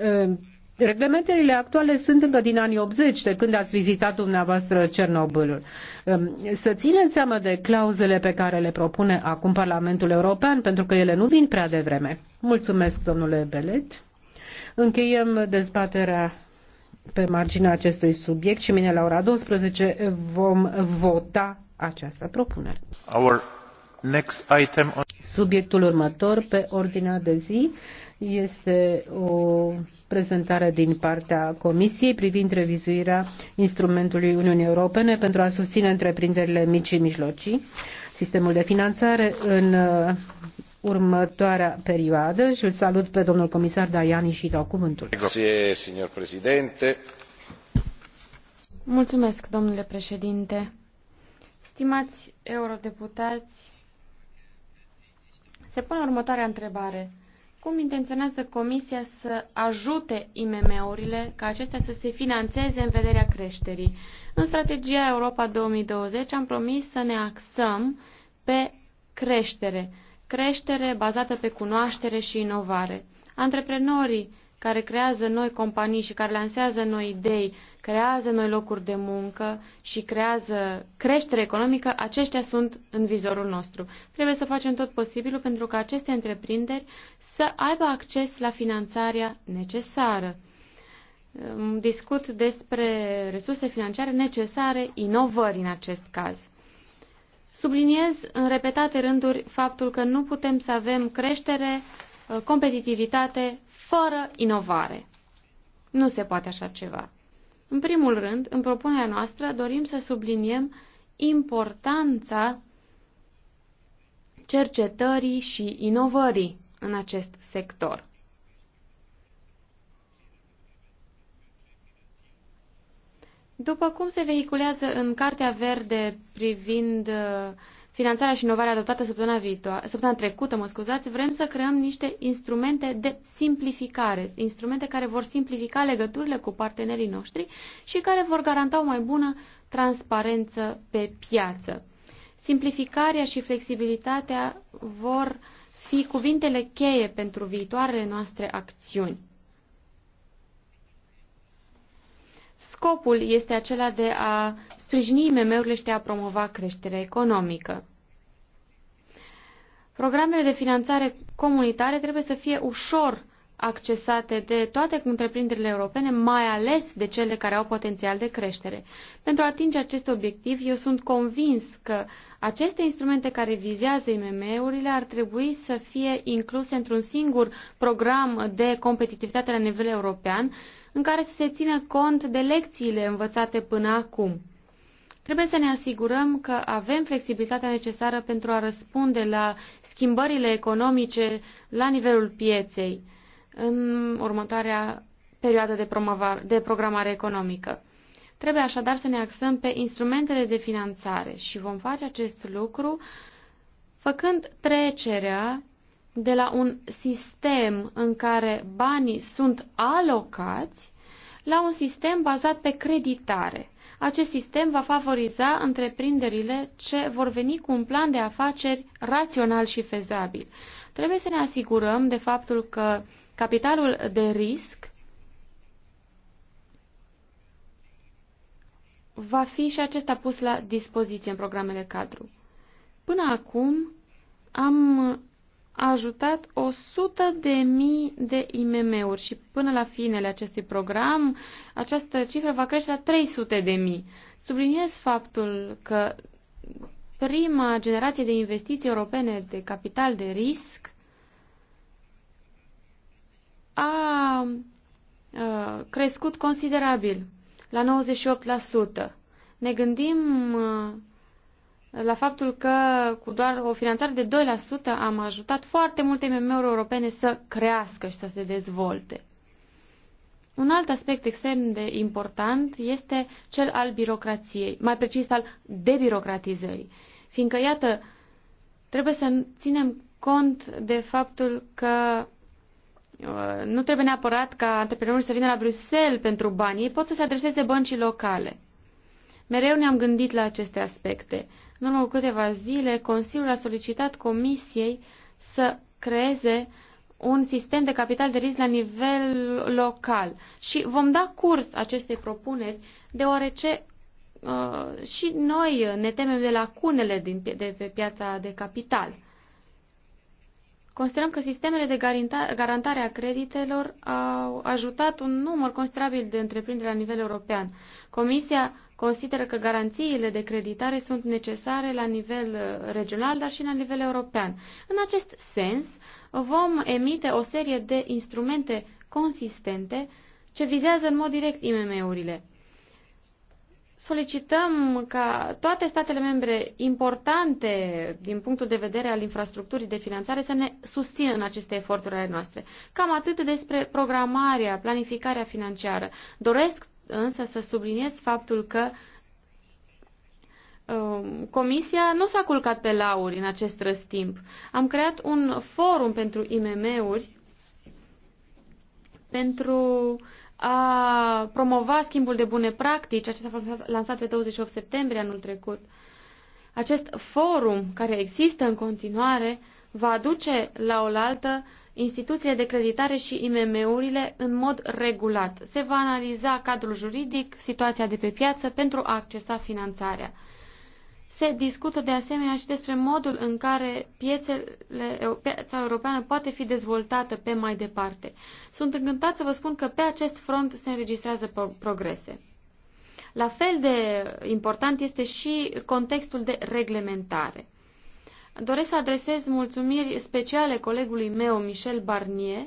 Ehm, reglementările actuale sunt încă din anii 80, de când ați vizitat dumneavoastră Cernobâlul. Ehm, să țineți seama de clauzele pe care le propune acum Parlamentul European, pentru că ele nu vin prea devreme. Mulțumesc, domnule Belet. Încheiem dezbaterea pe marginea acestui subiect și mine la ora 12 vom vota această propunere. Our next item on... Subiectul următor pe ordinea de zi este o prezentare din partea Comisiei privind revizuirea instrumentului Uniunii Europene pentru a susține întreprinderile mici și mijlocii, sistemul de finanțare în uh, următoarea perioadă și îl salut pe domnul comisar Daiani și dau cuvântul. Mulțumesc, domnule președinte. Stimați eurodeputați, se pune următoarea întrebare. Cum intenționează Comisia să ajute IMM-urile ca acestea să se financeze în vederea creșterii? În strategia Europa 2020 am promis să ne axăm pe creștere, creștere bazată pe cunoaștere și inovare. Antreprenorii care creează noi companii și care lansează noi idei, creează noi locuri de muncă și creează creștere economică, aceștia sunt în vizorul nostru. Trebuie să facem tot posibilul pentru ca aceste întreprinderi să aibă acces la finanțarea necesară. Discut despre resurse financiare necesare inovări în acest caz. Subliniez în repetate rânduri faptul că nu putem să avem creștere Uh, competitivitate fără inovare. Nu se poate așa ceva. În primul rând, în propunerea noastră dorim să subliniem importanța cercetării și inovării în acest sector. După cum se vehiculează în Cartea Verde privind uh, finanțarea și inovarea adoptată săptămâna, viitoare, săptămâna trecută, mă scuzați, vrem să creăm niște instrumente de simplificare, instrumente care vor simplifica legăturile cu partenerii noștri și care vor garanta o mai bună transparență pe piață. Simplificarea și flexibilitatea vor fi cuvintele cheie pentru viitoarele noastre acțiuni. Scopul este acela de a sprijini IMM-urile și de a promova creșterea economică. Programele de finanțare comunitare trebuie să fie ușor accesate de toate întreprinderile europene, mai ales de cele care au potențial de creștere. Pentru a atinge acest obiectiv, eu sunt convins că aceste instrumente care vizează IMM-urile ar trebui să fie incluse într-un singur program de competitivitate la nivel european, în care să se țină cont de lecțiile învățate până acum. Trebuie să ne asigurăm că avem flexibilitatea necesară pentru a răspunde la schimbările economice la nivelul pieței în următoarea perioadă de, de programare economică. Trebuie așadar să ne axăm pe instrumentele de finanțare și vom face acest lucru făcând trecerea de la un sistem în care banii sunt alocați la un sistem bazat pe creditare. Acest sistem va favoriza întreprinderile ce vor veni cu un plan de afaceri rațional și fezabil. Trebuie să ne asigurăm de faptul că capitalul de risc va fi și acesta pus la dispoziție în programele cadru. Până acum am a ajutat 100 de mii de IMM-uri și până la finele acestui program această cifră va crește la 300 de mii. Subliniez faptul că prima generație de investiții europene de capital de risc a crescut considerabil, la 98%. Ne gândim la faptul că cu doar o finanțare de 2% am ajutat foarte multe MMO-uri europene să crească și să se dezvolte. Un alt aspect extrem de important este cel al birocrației, mai precis al debirocratizării. Fiindcă, iată, trebuie să ținem cont de faptul că uh, nu trebuie neapărat ca antreprenorii să vină la Bruxelles pentru bani, ei pot să se adreseze băncii locale. Mereu ne-am gândit la aceste aspecte. În urmă cu câteva zile, Consiliul a solicitat Comisiei să creeze un sistem de capital de risc la nivel local. Și vom da curs acestei propuneri, deoarece uh, și noi ne temem de lacunele din, de pe piața de capital. Considerăm că sistemele de garantare a creditelor au ajutat un număr considerabil de întreprinderi la nivel european. Comisia consideră că garanțiile de creditare sunt necesare la nivel uh, regional, dar și la nivel european. În acest sens, vom emite o serie de instrumente consistente ce vizează în mod direct IMM-urile. Solicităm ca toate statele membre importante din punctul de vedere al infrastructurii de finanțare să ne susțină în aceste eforturi ale noastre. Cam atât despre programarea, planificarea financiară. Doresc însă să subliniez faptul că um, Comisia nu s-a culcat pe lauri în acest răstimp. Am creat un forum pentru IMM-uri pentru a promova schimbul de bune practici. Acesta a fost lansat pe 28 septembrie anul trecut. Acest forum care există în continuare va aduce la oaltă instituțiile de creditare și IMM-urile în mod regulat. Se va analiza cadrul juridic, situația de pe piață pentru a accesa finanțarea. Se discută de asemenea și despre modul în care piețele, piața europeană poate fi dezvoltată pe mai departe. Sunt încântat să vă spun că pe acest front se înregistrează progrese. La fel de important este și contextul de reglementare. Doresc să adresez mulțumiri speciale colegului meu, Michel Barnier,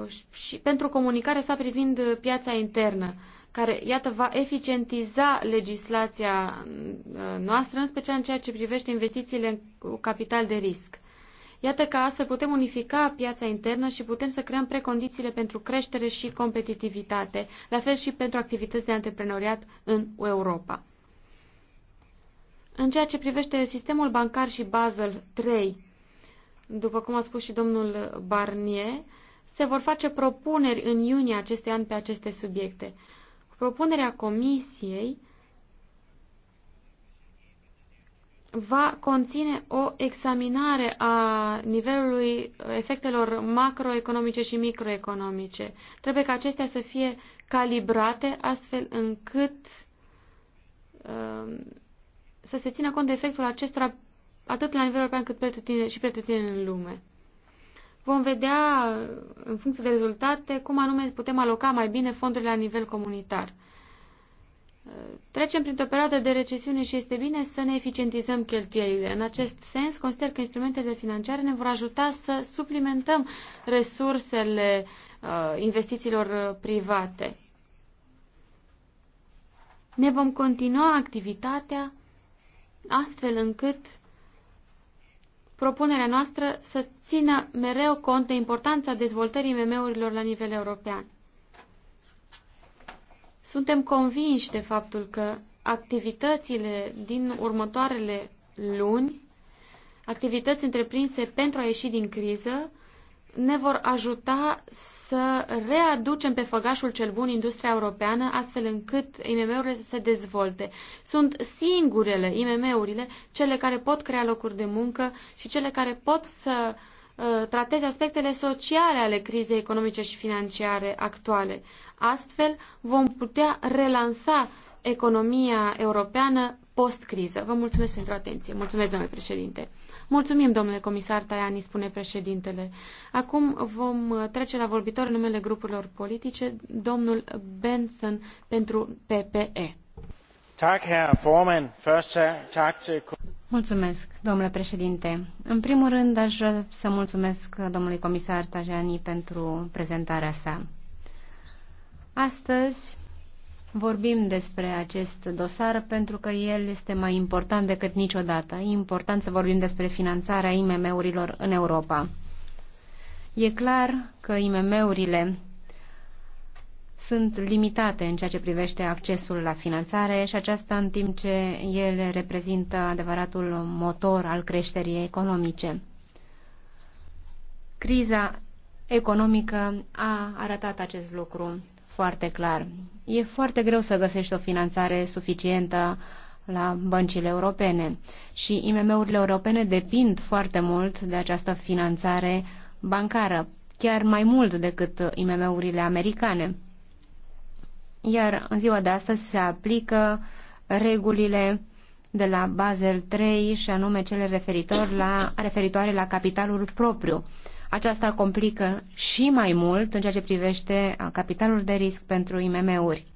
uh, și pentru comunicarea sa privind piața internă, care, iată, va eficientiza legislația uh, noastră, în special în ceea ce privește investițiile cu capital de risc. Iată că astfel putem unifica piața internă și putem să creăm precondițiile pentru creștere și competitivitate, la fel și pentru activități de antreprenoriat în Europa. În ceea ce privește sistemul bancar și Basel III, după cum a spus și domnul Barnier, se vor face propuneri în iunie acestui an pe aceste subiecte. Propunerea Comisiei va conține o examinare a nivelului efectelor macroeconomice și microeconomice. Trebuie ca acestea să fie calibrate astfel încât uh, să se țină cont de efectul acestora atât la nivel european cât pretutine, și pretutine în lume. Vom vedea, în funcție de rezultate, cum anume putem aloca mai bine fondurile la nivel comunitar. Trecem printr-o perioadă de recesiune și este bine să ne eficientizăm cheltuielile. În acest sens, consider că instrumentele financiare ne vor ajuta să suplimentăm resursele uh, investițiilor uh, private. Ne vom continua activitatea astfel încât propunerea noastră să țină mereu cont de importanța dezvoltării MM-urilor la nivel european. Suntem convinși de faptul că activitățile din următoarele luni, activități întreprinse pentru a ieși din criză, ne vor ajuta să readucem pe făgașul cel bun industria europeană, astfel încât IMM-urile să se dezvolte. Sunt singurele IMM-urile cele care pot crea locuri de muncă și cele care pot să uh, trateze aspectele sociale ale crizei economice și financiare actuale. Astfel vom putea relansa economia europeană post-criză. Vă mulțumesc pentru atenție. Mulțumesc, domnule președinte. Mulțumim, domnule comisar Tajani, spune președintele. Acum vom trece la în numele grupurilor politice, domnul Benson pentru PPE. Mulțumesc, domnule președinte. În primul rând, aș vrea să mulțumesc domnului comisar Tajani pentru prezentarea sa. Astăzi vorbim despre acest dosar pentru că el este mai important decât niciodată. E important să vorbim despre finanțarea IMM-urilor în Europa. E clar că IMM-urile sunt limitate în ceea ce privește accesul la finanțare și aceasta în timp ce ele reprezintă adevăratul motor al creșterii economice. Criza economică a arătat acest lucru foarte clar. E foarte greu să găsești o finanțare suficientă la băncile europene și IMM-urile europene depind foarte mult de această finanțare bancară, chiar mai mult decât IMM-urile americane. Iar în ziua de astăzi se aplică regulile de la Basel III și anume cele referitor la, referitoare la capitalul propriu. Aceasta complică și mai mult în ceea ce privește capitalul de risc pentru IMM-uri.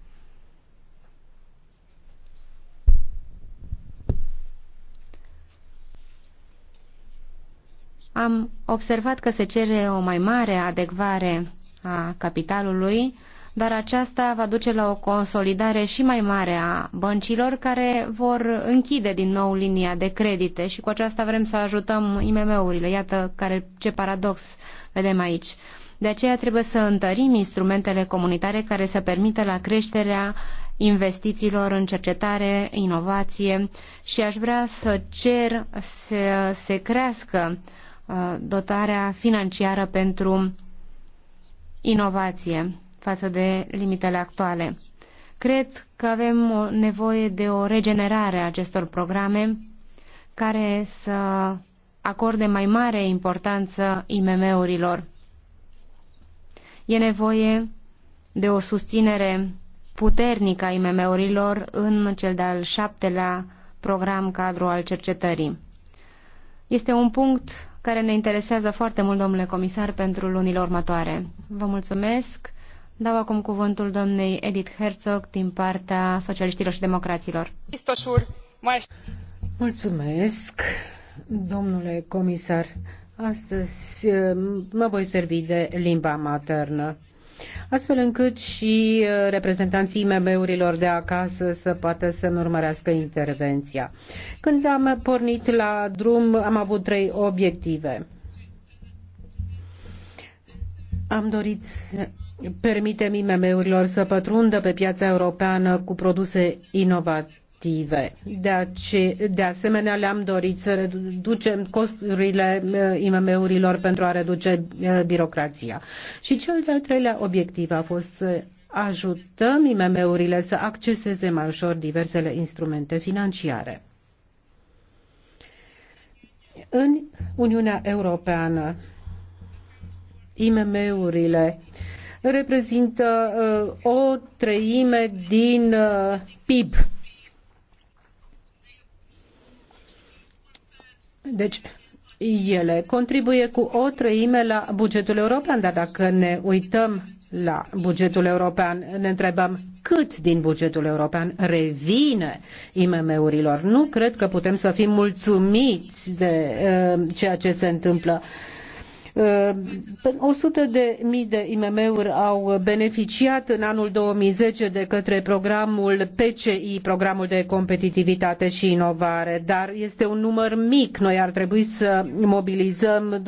Am observat că se cere o mai mare adecvare a capitalului dar aceasta va duce la o consolidare și mai mare a băncilor care vor închide din nou linia de credite și cu aceasta vrem să ajutăm IMM-urile. Iată care, ce paradox vedem aici. De aceea trebuie să întărim instrumentele comunitare care să permită la creșterea investițiilor în cercetare, inovație și aș vrea să cer să se crească uh, dotarea financiară pentru inovație față de limitele actuale. Cred că avem nevoie de o regenerare a acestor programe care să acorde mai mare importanță IMM-urilor. E nevoie de o susținere puternică a IMM-urilor în cel de-al șaptelea program cadru al cercetării. Este un punct care ne interesează foarte mult, domnule comisar, pentru lunile următoare. Vă mulțumesc. Dau acum cuvântul domnei Edith Herzog din partea socialiștilor și democraților. Mulțumesc, domnule comisar. Astăzi eh, mă voi servi de limba maternă astfel încât și eh, reprezentanții IMM-urilor de acasă să poată să-mi urmărească intervenția. Când am pornit la drum, am avut trei obiective. Am dorit permitem IMM-urilor să pătrundă pe piața europeană cu produse inovative. De, ace- de asemenea, le-am dorit să reducem costurile IMM-urilor uh, pentru a reduce uh, birocrația. Și cel de-al treilea obiectiv a fost să ajutăm IMM-urile să acceseze mai ușor diversele instrumente financiare. În Uniunea Europeană, IMM-urile reprezintă uh, o treime din uh, PIB. Deci, ele contribuie cu o treime la bugetul european, dar dacă ne uităm la bugetul european, ne întrebăm cât din bugetul european revine IMM-urilor. Nu cred că putem să fim mulțumiți de uh, ceea ce se întâmplă uh, 100 uh, de mii de IMM-uri au beneficiat în anul 2010 de către programul PCI, programul de competitivitate și inovare, dar este un număr mic. Noi ar trebui să mobilizăm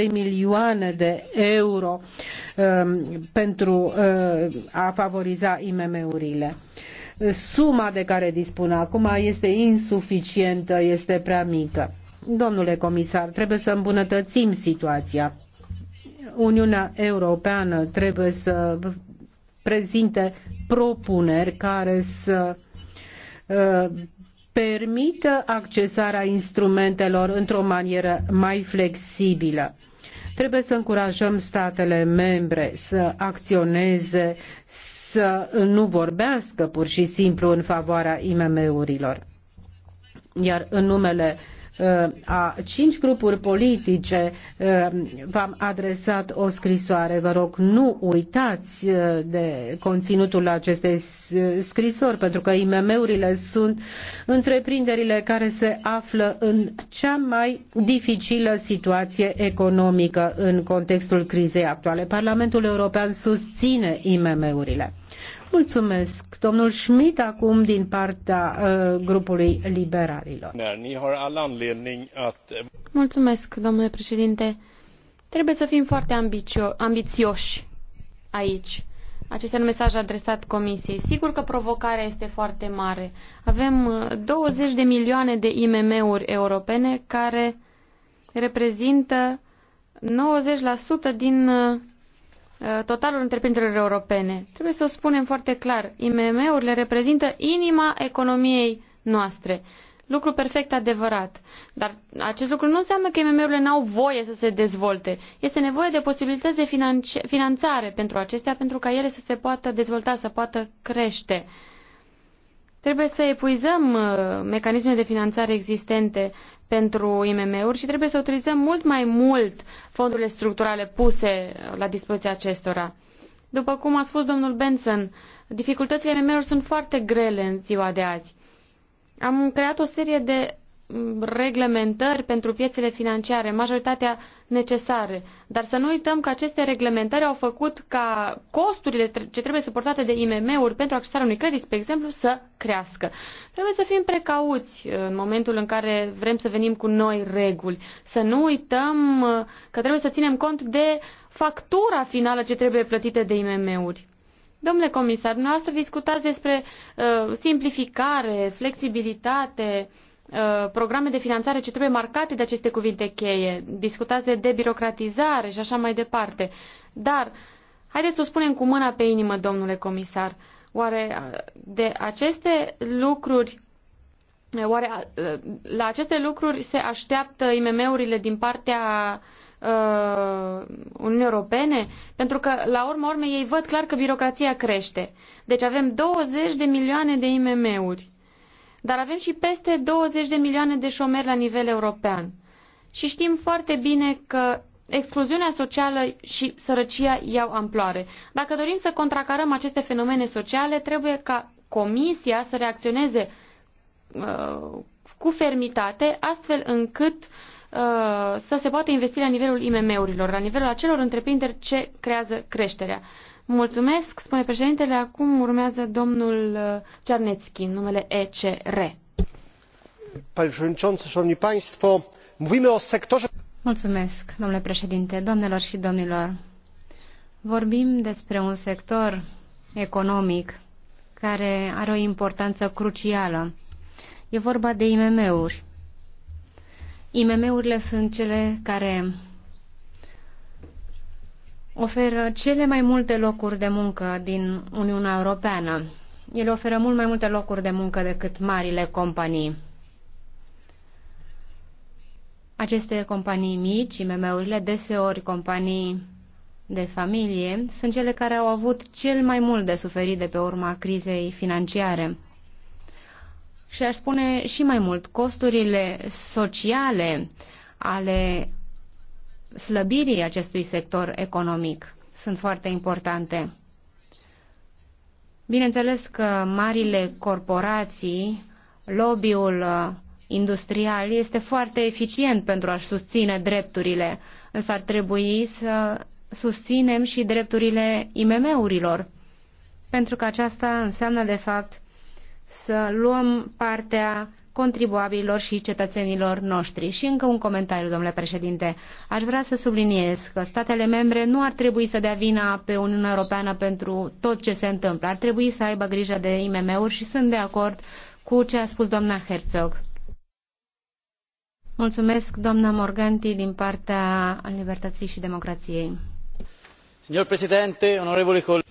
2,3 milioane de euro um, pentru uh, a favoriza IMM-urile suma de care dispun acum este insuficientă, este prea mică. Domnule comisar, trebuie să îmbunătățim situația. Uniunea Europeană trebuie să prezinte propuneri care să uh, permită accesarea instrumentelor într-o manieră mai flexibilă. Trebuie să încurajăm statele membre să acționeze, să nu vorbească pur și simplu în favoarea IMM-urilor. Iar în numele uh, Uh, a cinci grupuri politice uh, v-am adresat o scrisoare. Vă rog, nu uitați uh, de conținutul acestei scrisori, pentru că IMM-urile sunt întreprinderile care se află în cea mai dificilă situație economică în contextul crizei actuale. Parlamentul European susține IMM-urile. Mulțumesc. Domnul Schmidt acum din partea uh, grupului liberalilor. Mulțumesc, domnule președinte. Trebuie să fim foarte ambicio- ambițioși aici. Acesta e un mesaj adresat Comisiei. Sigur că provocarea este foarte mare. Avem 20 uh, de milioane de IMM-uri europene care reprezintă 90% din uh, Uh, totalul întreprinderilor europene. Trebuie să o spunem foarte clar. IMM-urile reprezintă inima economiei noastre. Lucru perfect adevărat. Dar acest lucru nu înseamnă că IMM-urile n-au voie să se dezvolte. Este nevoie de posibilități de finanțare pentru acestea, pentru ca ele să se poată dezvolta, să poată crește. Trebuie să epuizăm uh, mecanismele de finanțare existente pentru IMM-uri și trebuie să utilizăm mult mai mult fondurile structurale puse la dispoziția acestora. După cum a spus domnul Benson, dificultățile IMM-urilor sunt foarte grele în ziua de azi. Am creat o serie de Mm, reglementări pentru piețele financiare, majoritatea necesare. Dar să nu uităm că aceste reglementări au făcut ca costurile ce trebuie suportate de IMM-uri pentru accesarea unui credit, spre exemplu, să crească. Trebuie să fim precauți în momentul în care vrem să venim cu noi reguli. Să nu uităm uh, că trebuie să ținem cont de factura finală ce trebuie plătită de IMM-uri. Domnule comisar, dumneavoastră discutați despre uh, simplificare, flexibilitate, uh, Uh, programe de finanțare ce trebuie marcate de aceste cuvinte cheie. Discutați de debirocratizare și așa mai departe. Dar, haideți să o spunem cu mâna pe inimă, domnule comisar. Oare uh, de aceste lucruri uh, Oare la aceste lucruri se așteaptă IMM-urile din partea uh, Uniunii Europene? Pentru că, la urma urmei, ei văd clar că birocrația crește. Deci avem 20 de milioane de IMM-uri. Dar avem și peste 20 de milioane de șomeri la nivel european. Și știm foarte bine că excluziunea socială și sărăcia iau amploare. Dacă dorim să contracarăm aceste fenomene sociale, trebuie ca Comisia să reacționeze uh, cu fermitate, astfel încât uh, să se poată investi la nivelul IMM-urilor, la nivelul acelor întreprinderi ce creează creșterea. Mulțumesc, spune președintele. Acum urmează domnul uh, Czarnecki, numele ECR. Panie przewodniczący, szanowni państwo, Mulțumesc, domnule președinte, domnilor și domnilor. Vorbim despre un sector economic care are o importanță crucială. E vorba de IMM-uri. IMM-urile sunt cele care oferă cele mai multe locuri de muncă din Uniunea Europeană. Ele oferă mult mai multe locuri de muncă decât marile companii. Aceste companii mici, IMM-urile, deseori companii de familie, sunt cele care au avut cel mai mult de suferit de pe urma crizei financiare. Și aș spune și mai mult, costurile sociale ale slăbirii acestui sector economic sunt foarte importante. Bineînțeles că marile corporații, lobby-ul uh, industrial este foarte eficient pentru a-și susține drepturile, însă ar trebui să susținem și drepturile IMM-urilor, pentru că aceasta înseamnă, de fapt, să luăm partea contribuabililor și cetățenilor noștri. Și încă un comentariu, domnule președinte. Aș vrea să subliniez că statele membre nu ar trebui să dea vina pe Uniunea Europeană pentru tot ce se întâmplă. Ar trebui să aibă grijă de IMM-uri și sunt de acord cu ce a spus doamna Herzog. Mulțumesc, doamna Morganti, din partea Libertății și Democrației. Signor președinte, onorevoli colegi,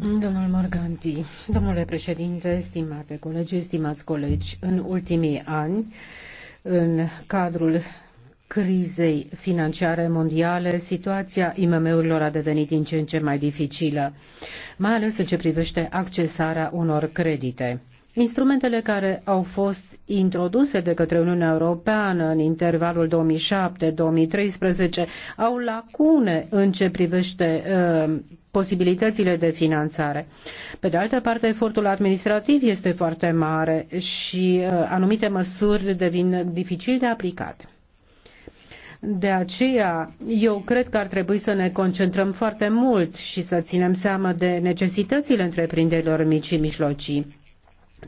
Domnul Morganti, domnule președinte, stimate colegi, stimați colegi, în ultimii ani, în cadrul crizei financiare mondiale, situația IMM-urilor a devenit din ce în ce mai dificilă, mai ales în ce privește accesarea unor credite. Instrumentele care au fost introduse de către Uniunea Europeană în intervalul 2007-2013 au lacune în ce privește uh, posibilitățile de finanțare. Pe de altă parte, efortul administrativ este foarte mare și uh, anumite măsuri devin dificil de aplicat. De aceea, eu cred că ar trebui să ne concentrăm foarte mult și să ținem seama de necesitățile întreprinderilor mici și mijlocii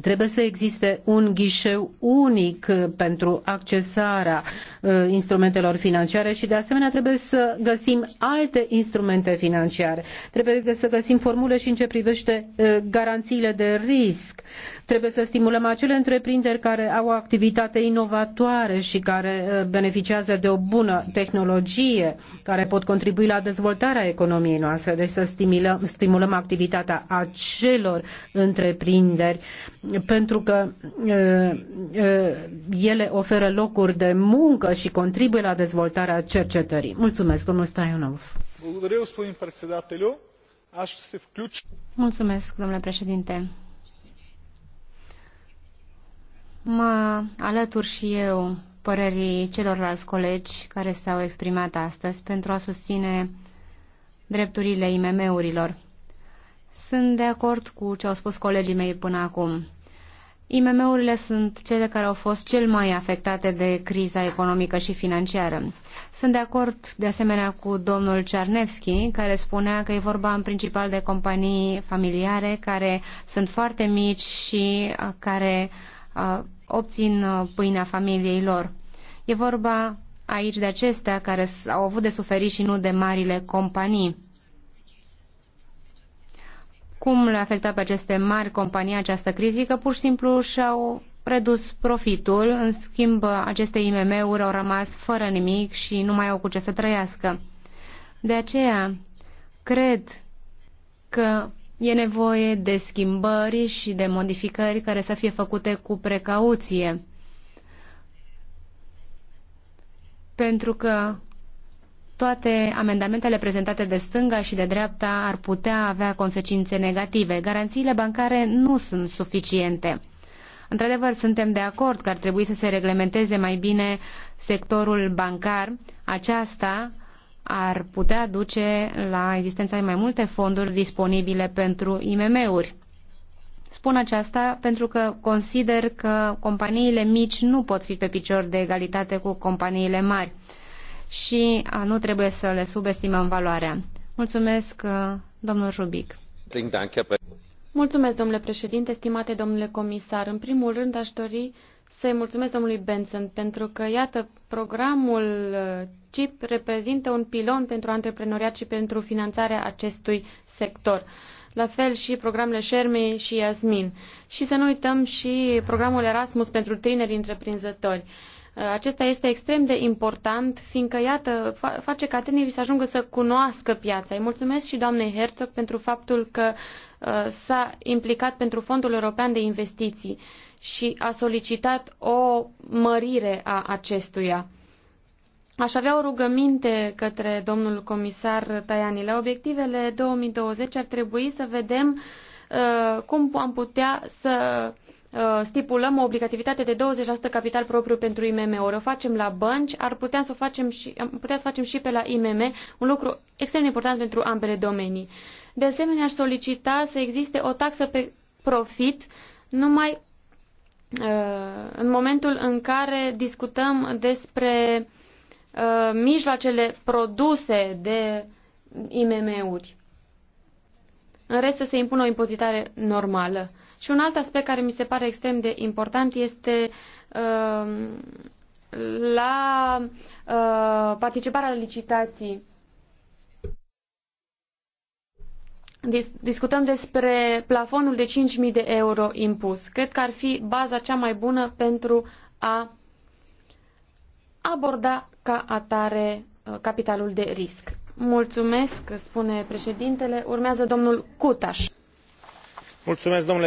Trebuie să existe un ghișeu unic pentru accesarea uh, instrumentelor financiare și de asemenea trebuie să găsim alte instrumente financiare. Trebuie să găsim formule și în ce privește uh, garanțiile de risc. Trebuie să stimulăm acele întreprinderi care au o activitate inovatoare și care uh, beneficiază de o bună tehnologie, care pot contribui la dezvoltarea economiei noastre. Deci să stimulăm, stimulăm activitatea acelor întreprinderi pentru că ele oferă locuri de muncă și contribuie la dezvoltarea cercetării. Mulțumesc, domnul Staionov. Mulțumesc, domnule președinte. Mă alătur și eu părerii celorlalți colegi care s-au exprimat astăzi pentru a susține drepturile IMM-urilor. Sunt de acord cu ce au spus colegii mei până acum. IMM-urile sunt cele care au fost cel mai afectate de criza economică și financiară. Sunt de acord de asemenea cu domnul Cernevski, care spunea că e vorba în principal de companii familiare care sunt foarte mici și uh, care uh, obțin uh, pâinea familiei lor. E vorba aici de acestea care au avut de suferit și nu de marile companii cum le-a afectat pe aceste mari companii această criză, că pur și simplu și-au redus profitul, în schimb aceste IMM-uri au rămas fără nimic și nu mai au cu ce să trăiască. De aceea, cred că e nevoie de schimbări și de modificări care să fie făcute cu precauție. Pentru că toate amendamentele prezentate de stânga și de dreapta ar putea avea consecințe negative. Garanțiile bancare nu sunt suficiente. Într-adevăr, suntem de acord că ar trebui să se reglementeze mai bine sectorul bancar. Aceasta ar putea duce la existența mai multe fonduri disponibile pentru IMM-uri. Spun aceasta pentru că consider că companiile mici nu pot fi pe picior de egalitate cu companiile mari și nu trebuie să le subestimăm valoarea. Mulțumesc, domnul Rubic. Mulțumesc, domnule președinte, stimate domnule comisar. În primul rând, aș dori să-i mulțumesc domnului Benson pentru că, iată, programul CIP reprezintă un pilon pentru antreprenoriat și pentru finanțarea acestui sector. La fel și programele Sherme și Yasmin. Și să nu uităm și programul Erasmus pentru tineri întreprinzători. Uh, Uh, acesta este extrem de important, fiindcă, iată, face ca tinerii să ajungă să cunoască piața. Îi mulțumesc și doamnei Herzog pentru faptul că uh, s-a implicat pentru Fondul European de Investiții și a solicitat o mărire a acestuia. Aș avea o rugăminte către domnul comisar Tajani. La obiectivele 2020 ar trebui să vedem uh, cum am putea să Uh, stipulăm o obligativitate de 20% capital propriu pentru IMM-uri. O facem la bănci, ar putea să o facem și, putea să facem și pe la IMM, un lucru extrem de important pentru ambele domenii. De asemenea, aș solicita să existe o taxă pe profit numai uh, în momentul în care discutăm despre uh, mijloacele produse de IMM-uri. În rest să se impună o impozitare normală. Și un alt aspect care mi se pare extrem de important este um, la uh, participarea la licitații. discutăm despre plafonul de 5.000 de euro impus. Cred că ar fi baza cea mai bună pentru a aborda ca atare uh, capitalul de risc. Mulțumesc, spune președintele. Urmează domnul Cutaș. Mulțumesc, domnule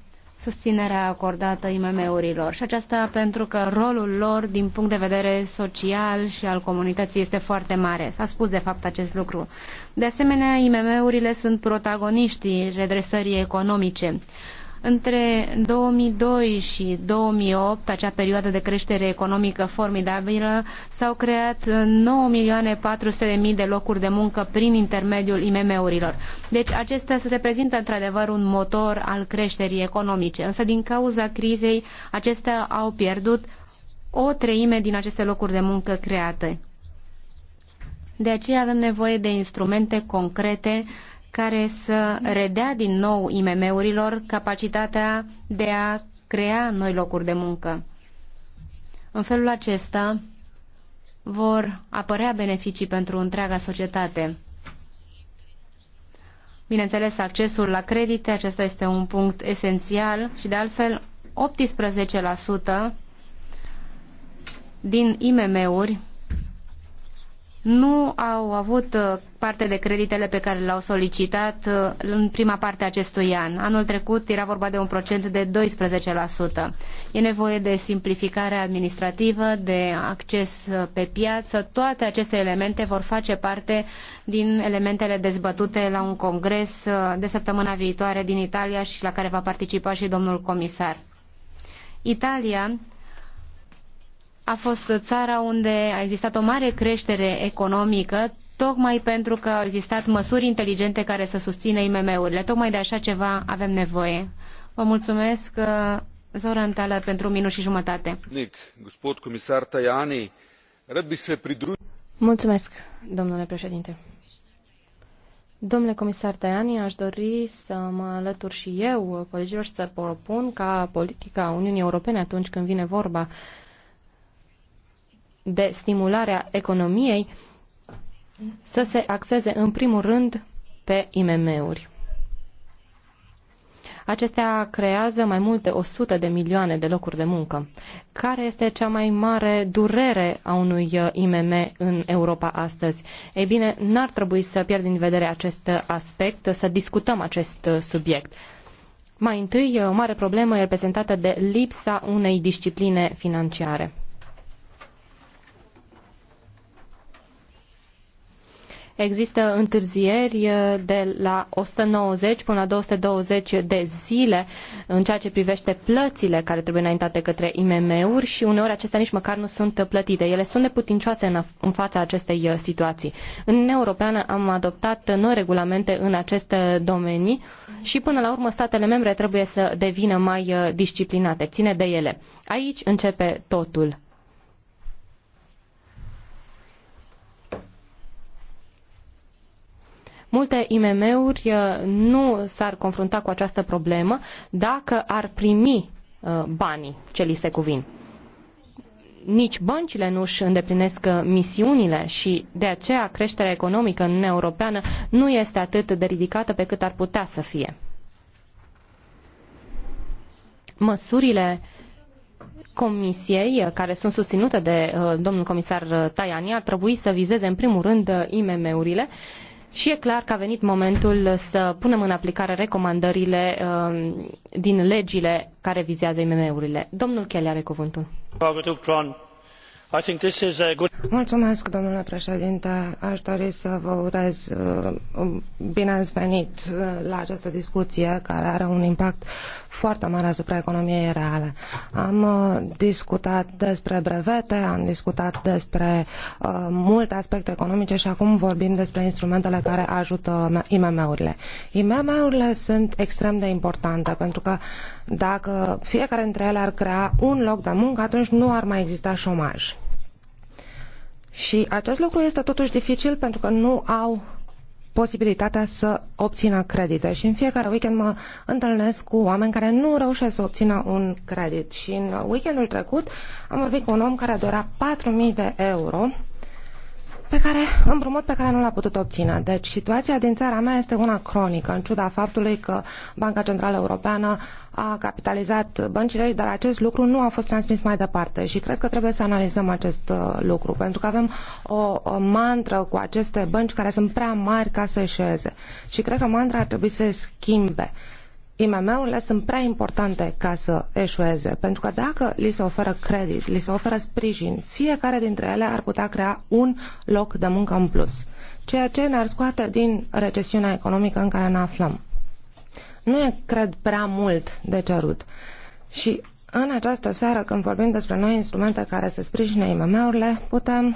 susținerea acordată IMM-urilor și aceasta pentru că rolul lor din punct de vedere social și al comunității este foarte mare. S-a spus de fapt acest lucru. De asemenea, IMM-urile sunt protagoniștii redresării economice. Între 2002 și 2008, acea perioadă de creștere economică formidabilă, s-au creat 9.400.000 uh, de locuri de muncă prin intermediul IMM-urilor. Deci acestea reprezintă într-adevăr un motor al creșterii economice, însă din cauza crizei acestea au pierdut o treime din aceste locuri de muncă create. De aceea avem nevoie de instrumente concrete uh, care să redea din nou IMM-urilor capacitatea de a crea noi locuri de muncă. În felul acesta vor apărea beneficii pentru întreaga societate. Bineînțeles, accesul la credite, acesta este un punct esențial și de altfel 18% din IMM-uri nu au avut parte de creditele pe care le-au solicitat uh, în prima parte a acestui an. Anul trecut era vorba de un procent de 12%. E nevoie de simplificare administrativă, de acces uh, pe piață. Toate aceste elemente vor face parte din elementele dezbătute la un congres uh, de săptămâna viitoare din Italia și la care va participa și domnul comisar. Italia a fost țara unde a existat o mare creștere economică tocmai pentru că au existat măsuri inteligente care să susțină IMM-urile. Tocmai de așa ceva avem nevoie. Vă mulțumesc, uh, Zoran Taler, pentru un minut și jumătate. Nic, gospod comisar Tajani, rad bi se pridru... Mulțumesc, domnule președinte. Domnule comisar Tajani, aș dori să mă alătur și eu colegilor să propun ca politica Uniunii Europene atunci când vine vorba de stimularea economiei să se axeze în primul rând pe IMM-uri. Acestea creează mai mult de 100 de milioane de locuri de muncă. Care este cea mai mare durere a unui uh, IMM în Europa astăzi? Ei bine, n-ar trebui să pierdem din vedere acest aspect, să discutăm acest uh, subiect. Mai întâi, uh, o mare problemă e reprezentată de lipsa unei discipline financiare. există întârzieri de la 190 până la 220 de zile în ceea ce privește plățile care trebuie înaintate către IMM-uri și uneori acestea nici măcar nu sunt plătite. Ele sunt neputincioase în, fața acestei situații. În Uniunea Europeană am adoptat noi regulamente în acest domeniu și până la urmă statele membre trebuie să devină mai disciplinate. Ține de ele. Aici începe totul. Multe IMM-uri uh, nu s-ar confrunta cu această problemă dacă ar primi uh, banii ce li se cuvin. Nici băncile nu își îndeplinesc uh, misiunile și de aceea creșterea economică în Uniunea Europeană nu este atât de ridicată pe cât ar putea să fie. Măsurile Comisiei, care sunt susținute de domnul comisar Tajani, ar trebui să vizeze în primul rând IMM-urile și e clar că a venit momentul să punem în aplicare recomandările um, din legile care vizează IMM-urile. Domnul Kelly are cuvântul. Mulțumesc, domnule președinte. Aș dori să vă urez uh, bine ați venit uh, la această discuție care are un impact foarte mare asupra economiei reale. Am uh, discutat despre brevete, am discutat despre uh, multe aspecte economice și acum vorbim despre instrumentele care ajută IMM-urile. IMM-urile sunt extrem de importante pentru că dacă fiecare dintre ele ar crea un loc de muncă, atunci nu ar mai exista șomaj. Și acest lucru este totuși dificil pentru că nu au posibilitatea să obțină credite și în fiecare weekend mă întâlnesc cu oameni care nu reușesc să obțină un credit și în weekendul trecut am vorbit cu un om care dorea 4.000 de euro pe care, împrumut pe care nu l-a putut obține. Deci situația din țara mea este una cronică, în ciuda faptului că Banca Centrală Europeană a capitalizat băncile, dar acest lucru nu a fost transmis mai departe și cred că trebuie să analizăm acest uh, lucru, pentru că avem o, o mantră cu aceste bănci care sunt prea mari ca să șeze. Și cred că mantra ar trebui să schimbe IMM-urile sunt prea importante ca să eșueze, pentru că dacă li se oferă credit, li se oferă sprijin, fiecare dintre ele ar putea crea un loc de muncă în plus, ceea ce ne-ar scoate din recesiunea economică în care ne aflăm. Nu e, cred, prea mult de cerut. Și în această seară, când vorbim despre noi instrumente care să sprijine IMM-urile, putem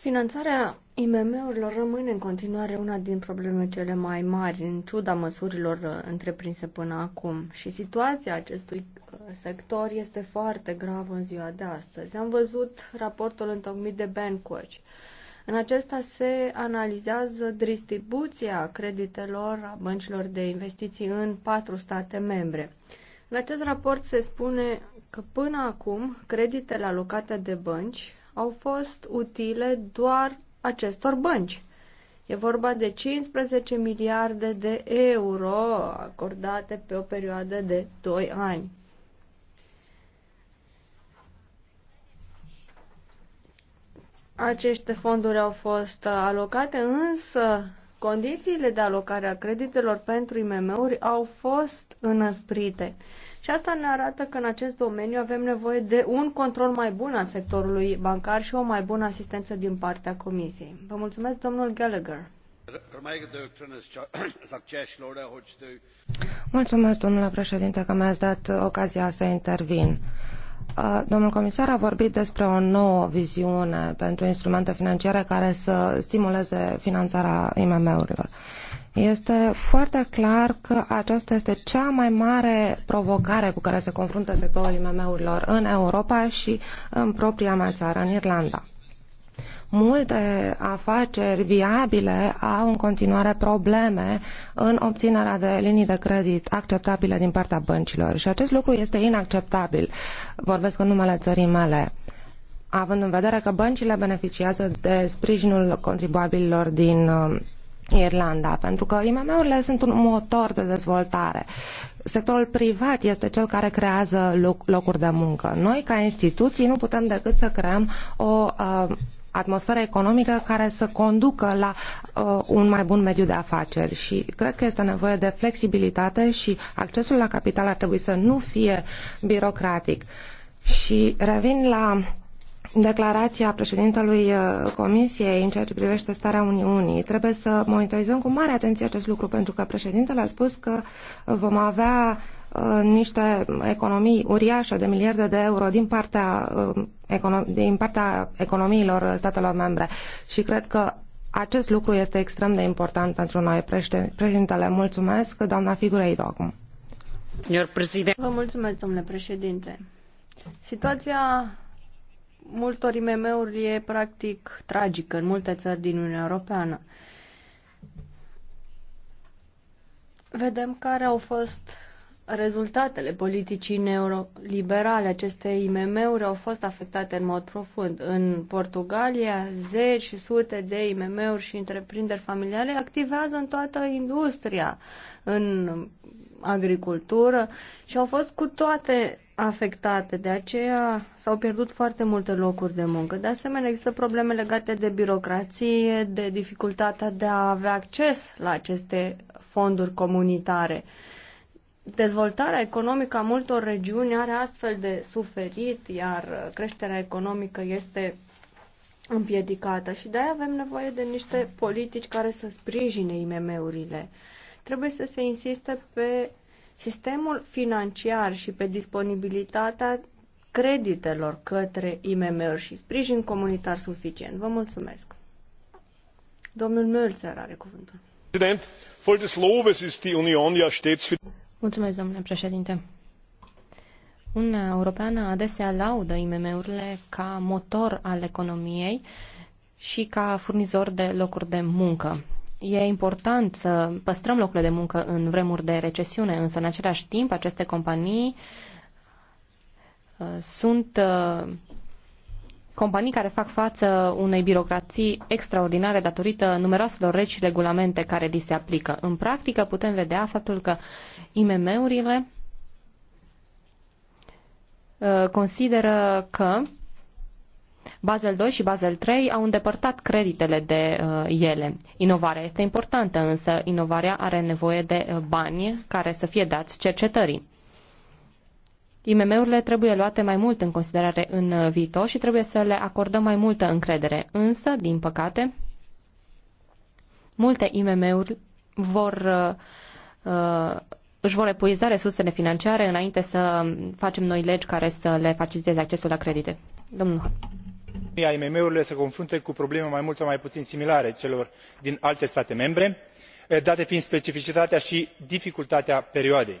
Finanțarea IMM-urilor rămâne în continuare una din problemele cele mai mari, în ciuda măsurilor uh, întreprinse până acum. Și situația acestui uh, sector este foarte gravă în ziua de astăzi. Am văzut raportul întocmit de Bankwatch. În acesta se analizează distribuția creditelor a băncilor de investiții în patru state membre. În acest raport se spune că până acum creditele alocate de bănci au fost utile doar acestor bănci. E vorba de 15 miliarde de euro acordate pe o perioadă de 2 ani. Aceste fonduri au fost alocate, însă condițiile de alocare a creditelor pentru IMM-uri au fost înăsprite. Și asta ne arată că în acest domeniu avem nevoie de un control mai bun al sectorului bancar și o mai bună asistență din partea Comisiei. Vă mulțumesc, domnul Gallagher. Mulțumesc, domnule președinte, că mi-ați dat ocazia să intervin. Domnul comisar a vorbit despre o nouă viziune pentru instrumente financiare care să stimuleze finanțarea IMM-urilor. Este foarte clar că aceasta este cea mai mare provocare cu care se confruntă sectorul IMM-urilor în Europa și în propria mea țară, în Irlanda. Multe afaceri viabile au în continuare probleme în obținerea de linii de credit acceptabile din partea băncilor și acest lucru este inacceptabil. Vorbesc în numele țării mele având în vedere că băncile beneficiază de sprijinul contribuabililor din uh, Irlanda, pentru că IMM-urile sunt un motor de dezvoltare. Sectorul privat este cel care creează locuri de muncă. Noi, ca instituții, nu putem decât să creăm o uh, atmosferă economică care să conducă la uh, un mai bun mediu de afaceri și cred că este nevoie de flexibilitate și accesul la capital ar trebui să nu fie birocratic. Și revin la declarația președintelui uh, Comisiei în ceea ce privește starea Uniunii. Trebuie să monitorizăm cu mare atenție acest lucru, pentru că președintele a spus că vom avea Uh, niște economii uriașe de miliarde de euro din partea, uh, din partea economiilor statelor membre și cred că acest lucru este extrem de important pentru noi. Președintele, mulțumesc, doamna Figureido acum. Vă mulțumesc, domnule președinte. Situația multor IMM-uri e practic tragică în multe țări din Uniunea Europeană. Vedem care au fost rezultatele politicii neoliberale acestei IMM-uri au fost afectate în mod profund. În Portugalia, zeci și sute de IMM-uri și întreprinderi familiale activează în toată industria, în agricultură și au fost cu toate afectate. De aceea s-au pierdut foarte multe locuri de muncă. De asemenea, există probleme legate de birocrație, de dificultatea de a avea acces la aceste fonduri comunitare dezvoltarea economică a multor regiuni are astfel de suferit, iar creșterea economică este împiedicată și de-aia avem nevoie de niște politici care să sprijine IMM-urile. Trebuie să se insiste pe sistemul financiar și pe disponibilitatea creditelor către IMM-uri și sprijin comunitar suficient. Vă mulțumesc. Domnul Mölzer are cuvântul. Președinte, voll Lobes ist die Union ja stets für Mulțumesc, domnule președinte. Uniunea Europeană adesea laudă IMM-urile ca motor al economiei și ca furnizor de locuri de muncă. E important să păstrăm locurile de muncă în vremuri de recesiune, însă în același timp aceste companii uh, sunt uh, companii care fac față unei birocrații extraordinare datorită numeroaselor regi regulamente care li se aplică. În practică putem vedea faptul că IMM-urile uh, consideră că Basel 2 și Basel 3 au îndepărtat creditele de uh, ele. Inovarea este importantă, însă inovarea are nevoie de uh, bani care să fie dați cercetării. IMM-urile trebuie luate mai mult în considerare în uh, viitor și trebuie să le acordăm mai multă încredere. Însă, din păcate, multe IMM-uri vor, uh, uh, își vor epuiza resursele financiare înainte să facem noi legi care să le faciliteze accesul la credite. Domnul a imm urile se confruntă cu probleme mai mult sau mai puțin similare celor din alte state membre eh, date fiind specificitatea și dificultatea perioadei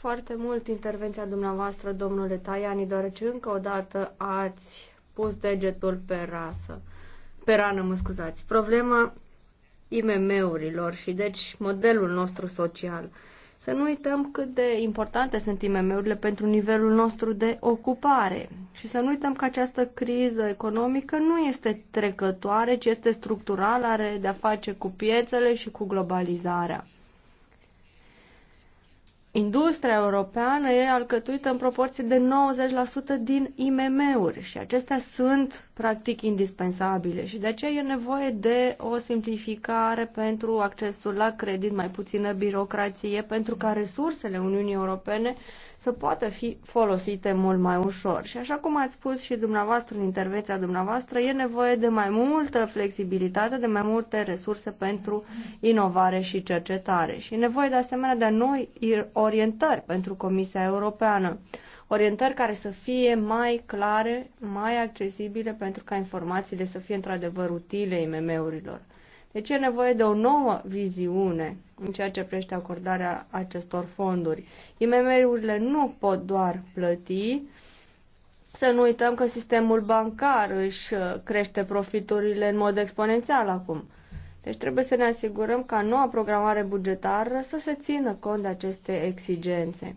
foarte mult intervenția dumneavoastră, domnule Taiani, deoarece încă o dată ați pus degetul pe rasă. Pe rană, mă scuzați. Problema IMM-urilor și deci modelul nostru social. Să nu uităm cât de importante sunt IMM-urile pentru nivelul nostru de ocupare și să nu uităm că această criză economică nu este trecătoare, ci este structurală, are de-a face cu piețele și cu globalizarea. Industria europeană e alcătuită în proporție de 90% din IMM-uri și acestea sunt practic indispensabile și de aceea e nevoie de o simplificare pentru accesul la credit, mai puțină birocrație, pentru ca resursele Uniunii Europene să poată fi folosite mult mai ușor. Și așa cum ați spus și dumneavoastră în intervenția dumneavoastră, e nevoie de mai multă flexibilitate, de mai multe resurse pentru inovare și cercetare. Și e nevoie de asemenea de noi orientări pentru Comisia Europeană orientări care să fie mai clare, mai accesibile pentru ca informațiile să fie într-adevăr utile IMM-urilor. Deci e nevoie de o nouă viziune în ceea ce prește acordarea acestor fonduri. IMM-urile nu pot doar plăti, să nu uităm că sistemul bancar își uh, crește profiturile în mod exponențial acum. Deci trebuie să ne asigurăm ca noua programare bugetară să se țină cont de aceste exigențe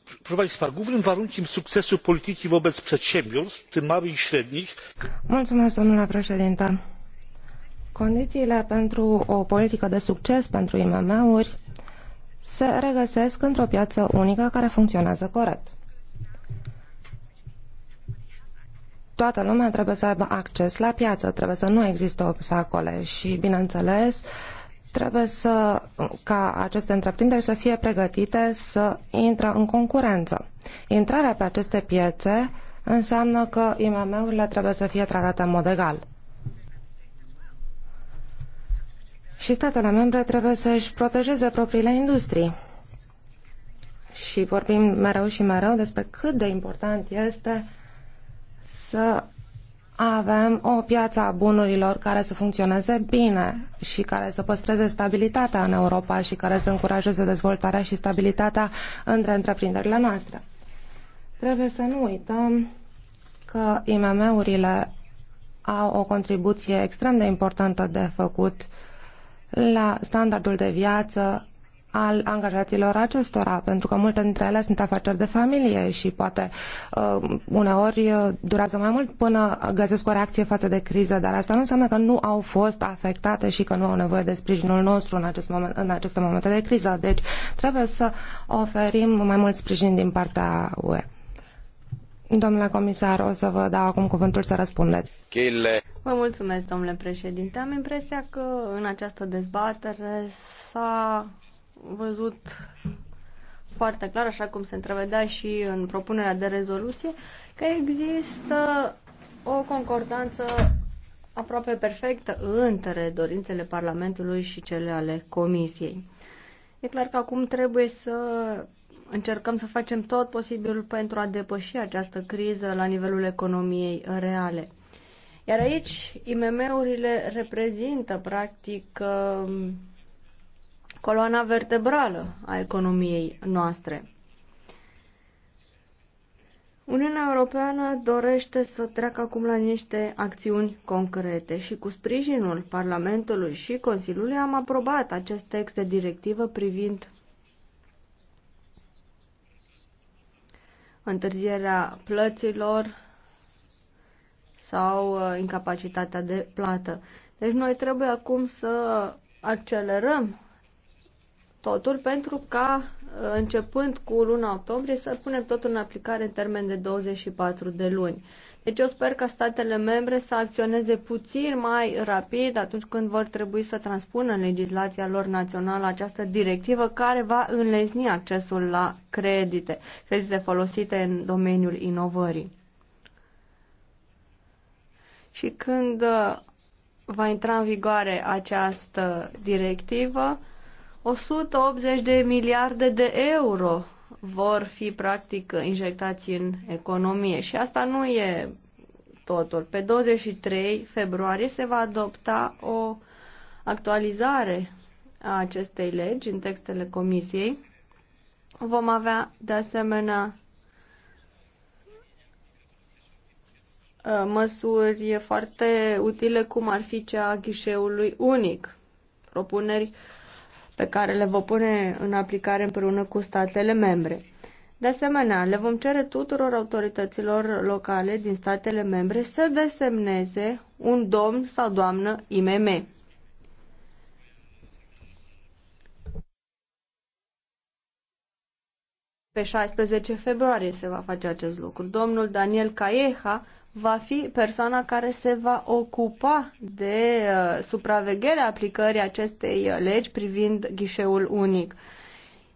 głównym warunkiem sukcesu polityki wobec przedsiębiorstw w tym małych i średnich condiiile pentru o politică de succes pentru imm uri se regăsesc într o piață unică care funcționează corect. toată lumea trebuie să aibă acces la piață, trebuie să nu existe obstacole și, bineînțeles, trebuie să, ca aceste întreprinderi să fie pregătite să intre în concurență. Intrarea pe aceste piețe înseamnă că IMM-urile trebuie să fie tratate în mod egal. Și statele membre trebuie să își protejeze propriile industrii. Și vorbim mereu și mereu despre cât de important este să avem o piață a bunurilor care să funcționeze bine și care să păstreze stabilitatea în Europa și care să încurajeze dezvoltarea și stabilitatea între întreprinderile noastre. Trebuie să nu uităm că IMM-urile au o contribuție extrem de importantă de făcut la standardul de viață al angajaților acestora, pentru că multe dintre ele sunt afaceri de familie și poate uh, uneori uh, durează mai mult până găsesc o reacție față de criză, dar asta nu înseamnă că nu au fost afectate și că nu au nevoie de sprijinul nostru în, acest moment, în aceste momente de criză. Deci trebuie să oferim mai mult sprijin din partea UE. Domnule comisar, o să vă dau acum cuvântul să răspundeți. Chile. Vă mulțumesc, domnule președinte. Am impresia că în această dezbatere s-a văzut foarte clar, așa cum se întrevedea și în propunerea de rezoluție, că există o concordanță aproape perfectă între dorințele Parlamentului și cele ale Comisiei. E clar că acum trebuie să încercăm să facem tot posibilul pentru a depăși această criză la nivelul economiei reale. Iar aici IMM-urile reprezintă practic um, coloana vertebrală a economiei noastre. Uniunea Europeană dorește să treacă acum la niște acțiuni concrete și cu sprijinul Parlamentului și Consiliului am aprobat acest text de directivă privind întârzierea plăților sau uh, incapacitatea de plată. Deci noi trebuie acum să accelerăm totul pentru ca, uh, începând cu luna octombrie, să punem totul în aplicare în termen de 24 de luni. Deci eu sper ca statele membre să acționeze puțin mai rapid atunci când vor trebui să transpună în legislația lor națională această directivă care va înlesni accesul la credite, credite folosite în domeniul inovării. Și când uh, va intra în vigoare această directivă, 180 de miliarde de euro vor fi practic injectați în economie și asta nu e totul. Pe 23 februarie se va adopta o actualizare a acestei legi în textele comisiei. Vom avea de asemenea uh, măsuri foarte utile, cum ar fi cea a ghișeului unic, propuneri uh, pe care le vom pune în aplicare împreună cu statele membre. De asemenea, le vom cere tuturor autorităților locale din statele membre să desemneze un domn sau doamnă IMM. Pe 16 februarie se va face acest lucru. Domnul Daniel Caieha va fi persoana care se va ocupa de uh, supravegherea aplicării acestei uh, legi privind ghișeul unic.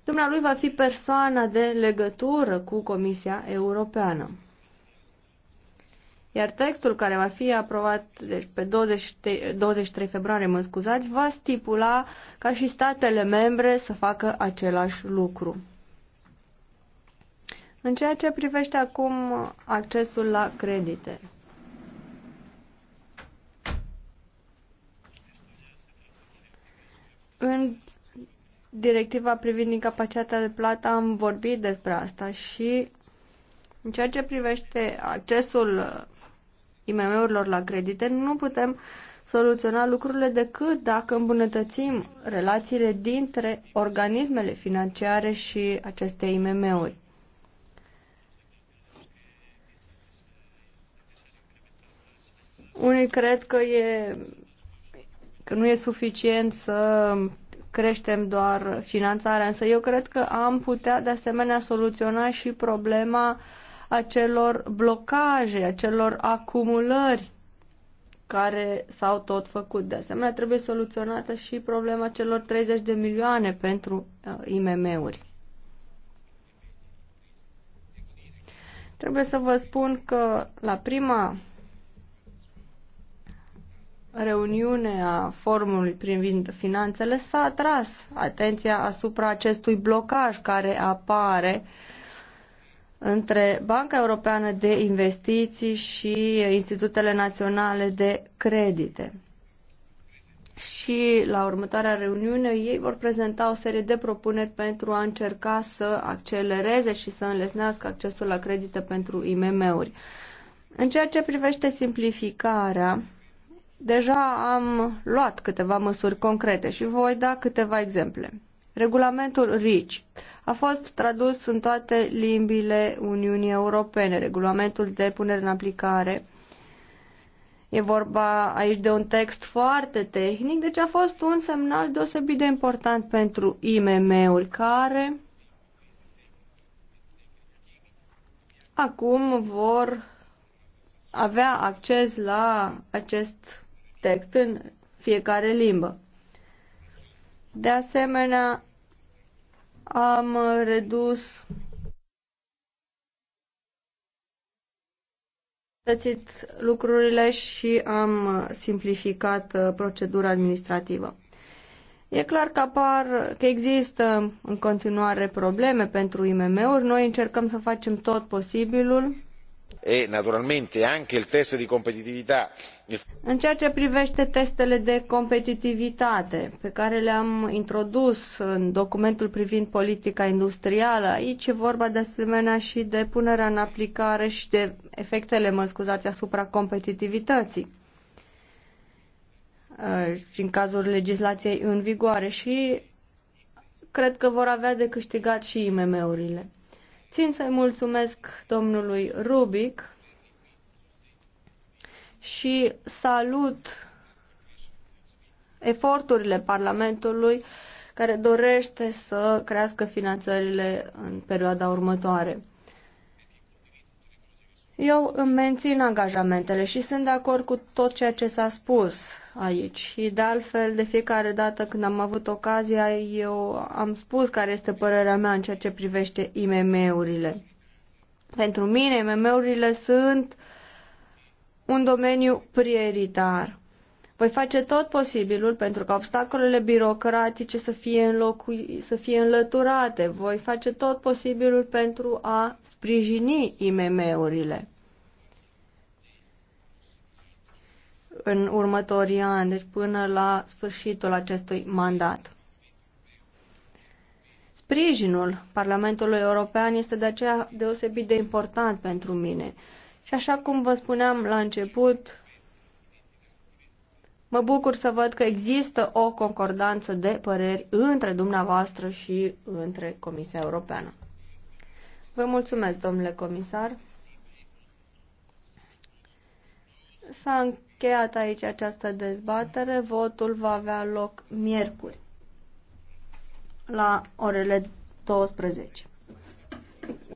Dumnealui va fi persoana de legătură cu Comisia Europeană. Iar textul care va fi aprobat deci, pe 20, 23 februarie, mă scuzați, va stipula ca și statele membre să facă același lucru. În ceea ce privește acum accesul la credite. În directiva privind incapacitatea de plată am vorbit despre asta și în ceea ce privește accesul IMM-urilor la credite, nu putem soluționa lucrurile decât dacă îmbunătățim relațiile dintre organismele financiare și aceste IMM-uri. Unii cred că, e, că nu e suficient să creștem doar finanțarea, însă eu cred că am putea de asemenea soluționa și problema acelor blocaje, acelor acumulări care s-au tot făcut. De asemenea, trebuie soluționată și problema celor 30 de milioane pentru uh, IMM-uri. Trebuie să vă spun că la prima reuniune a privind finanțele s-a atras atenția asupra acestui blocaj care apare între Banca Europeană de Investiții și Institutele Naționale de Credite. Și la următoarea reuniune ei vor prezenta o serie de propuneri pentru a încerca să accelereze și să înlesnească accesul la credite pentru IMM-uri. În ceea ce privește simplificarea, deja am luat câteva măsuri concrete și voi da câteva exemple. Regulamentul RICI a fost tradus în toate limbile Uniunii Europene, regulamentul de punere în aplicare. E vorba aici de un text foarte tehnic, deci a fost un semnal deosebit de important pentru IMM-uri care acum vor avea acces la acest text în fiecare limbă. De asemenea, am redus lucrurile și am simplificat uh, procedura administrativă. E clar că apar, că există în continuare probleme pentru IMM-uri. Noi încercăm să facem tot posibilul e naturalmente anche il test di competitività. În ceea ce privește testele de competitivitate pe care le-am introdus în documentul privind politica industrială, aici e vorba de asemenea și de punerea în aplicare și de efectele, mă scuzați, asupra competitivității uh, și în cazul legislației în vigoare și cred că vor avea de câștigat și IMM-urile. Țin să-i mulțumesc domnului Rubic și salut eforturile Parlamentului care dorește să crească finanțările în perioada următoare. Eu îmi mențin angajamentele și sunt de acord cu tot ceea ce s-a spus aici. Și de altfel, de fiecare dată când am avut ocazia, eu am spus care este părerea mea în ceea ce privește IMM-urile. Pentru mine, IMM-urile sunt un domeniu prioritar. Voi face tot posibilul pentru ca obstacolele birocratice să fie, înlocui, să fie înlăturate. Voi face tot posibilul pentru a sprijini IMM-urile. în următorii ani, deci până la sfârșitul acestui mandat. Sprijinul Parlamentului European este de aceea deosebit de important pentru mine. Și așa cum vă spuneam la început, Mă bucur să văd că există o concordanță de păreri între dumneavoastră și între Comisia Europeană. Vă mulțumesc, domnule comisar. S-a încheiat aici această dezbatere. Votul va avea loc miercuri la orele 12.